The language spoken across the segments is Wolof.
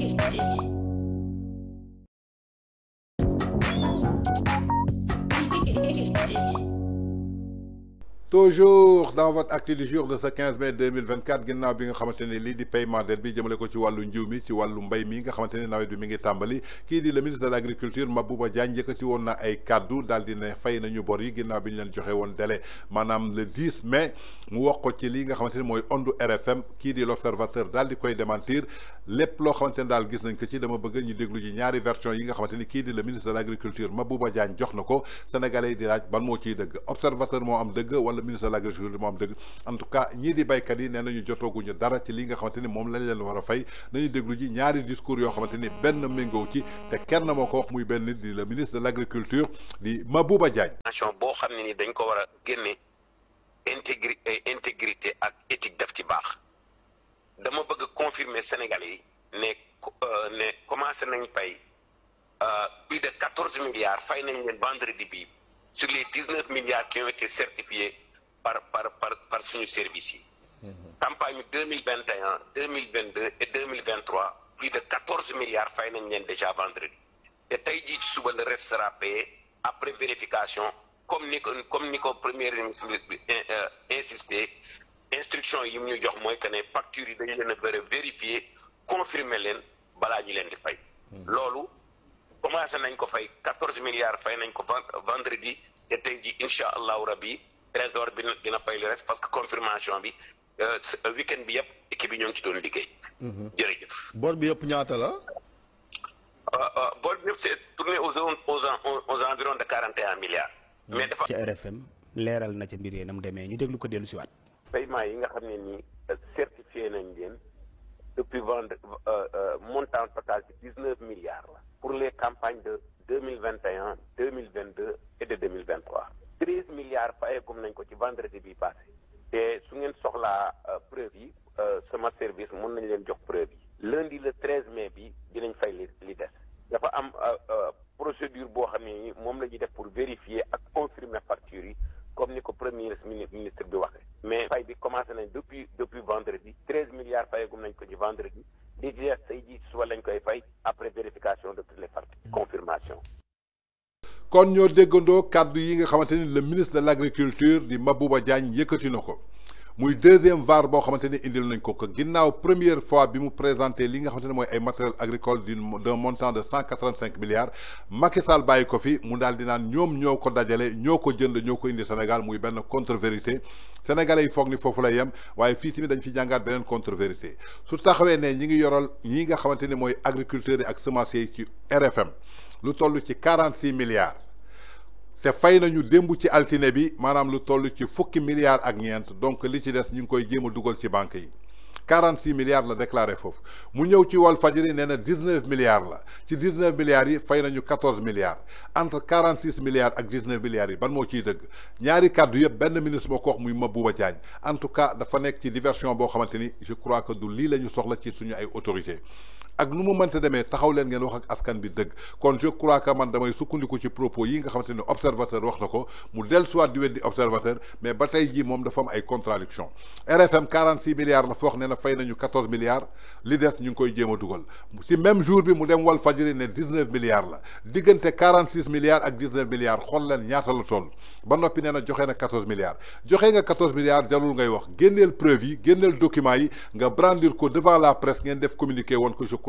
Thank you. toujours dans votre acte du jour de ce 15 mai 2024 ginnaaw bi nga xamante ne lii di paiement dette bi jëmale ko ci wàllu njiw mi ci wàllu mbay mi nga xamante nawet bi mi ngi tàmbali kii di le ministre de l'Agriculture Mabouba Diagne yëkkati woon na ay cadeau dans di ne fay nañu bor yi ginnaaw bi ñu leen joxe délai maanaam le 10 mai mu wax ko ci lii nga xamante ondu RFM Qui di l'observateur dans le di koy démentir lépp lo xamante dal gis nañ ko ci dama bëgg ñu déglu ji ñaari version yi nga xamante ki di le ministre de l'Agriculture Mabouba Diagne jox ko sénégalais di laaj ban mo ci dëgg observateur mo am dëgg wala le ministre de l'agriculture en tout cas ñi di yi dara ci li nga ni lañ leen ñaari discours yo xamanteni ben ci le ministre de l'agriculture di Mabouba Diagne. nation bo xamni ni dañ ko intégrité éthique daf ci Sénégalais né euh, ne commencé euh, plus de quatorze milliards fay nañ leen sur les dix milliards qui ont été certifiés par par par par service mhm. campagne 2021 2022 et 2023 plus de 14 milliards fay déjà vendredi Et le après vérification comme premier ministre euh, insisté instruction yim que les factures vérifier confirmer leen ñu mhm. milliards fay nañ vendredi et trésor bi dina fay li rek parce que confirmation bi euh, weekend bi yëpp équipe yi ñoo ngi ci doon liggéey. Mhm. jërëjëf. bi yëpp ñaata la. Euh, euh, bor bi yëpp c'est tourné aux aux aux environs de quarante et un milliards. Mhm. mais dafa ci RFM leeral na ca mbir yi na mu demee ñu déglu ko dellu si waat. paiement yi nga xam ne ni certifier nañ leen depuis vente montant total bi dix neuf milliards la. pour les campagnes de deux mille vingt et un deux mille vingt deux et mille vingt treize milliards fayeegum eh, nañ ko ci vendredi bi passé te su ngeen soxlaa eh, preuve yi eh, sama service mën nañ leen jox preuve yi lundi le treize mai bi dinañ fay li li des dafa a procédure boo xam ne ni moom la ñuy confirmar pour vérifier ak confirmer facture yi comme ni ko premier ministre bi waxee mais fay bi commencé nañ depuis depuis vendredi 13 milliards de nañ ko ci vendredi li ci kon ñoo déggandoo kaddu yi nga xamante ni le ministre de l'agriculture di Mabouba Diagne yëkkati na ko muy deuxième VAR boo xamante ni indil nañ ko ko ginnaaw première fois bi mu présenté li nga xamante ne mooy ay matériel agricole d'un montant de 185 milliards Macky Sall bàyyi ko fi mu daal di naan ñoom ñoo ko dajale ñoo ko jënd ñoo ko indi Sénégal muy benn contre vérité sénégalais yi foog ni foofu la yem waaye fii tamit dañ fi jàngaat beneen contre vérité su taxawee ne ñi ngi yoral ñi nga xamante ni mooy agriculteurs yi ak semenciers yi ci RFM lu tollu ci 46 milliards C'est fay nañu dembu ci altiné bi manam lu tollu ci milliards ak ñent donc li ci dess ñu koy jema 46 milliards la déclaré fofu mu ñew ci néna 19 milliards la ci 19 milliards yi avons 14 milliards entre 46 milliards et 19 milliards yi ban mo ci deug ñaari ben ministre moko wax muy en tout cas dafa nek ci diversion bo xamanteni je crois que du li lañu soxla ci suñu ay autorités ak nu mu mënta demee taxaw leen ngeen wax ak askan bi dëgg kon je crois que man damay sukkandiku ci propos yi nga xamante ne observateur wax na ko mu dellusiwaat di weddi observateur mais ba tey jii moom dafa am ay contradiction RFM milliards la foox ne na fay nañu milliards li des ñu ngi koy jéem a dugal si même jour bi mu dem wal fajiri ne 19 milliards la diggante 46 milliards ak milliards xool ngay wax génneel preuve yi génneel documents yi nga brandir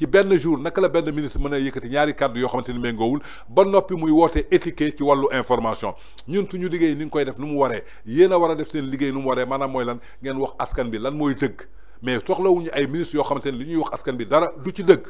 ci benn jour naka la benn ministre mën a yëkkati ñaari kàddu yoo xamante ni méngoowul ba noppi muy woote étiquette ci wàllu information ñun suñu liggéey ni nga koy def nu mu waree yéen a war a def seen liggéey nu mu waree maanaam mooy lan ngeen wax askan bi lan mooy dëgg mais soxlawuñu ay ministre yoo xamante ni li ñuy wax askan bi dara du ci dëgg.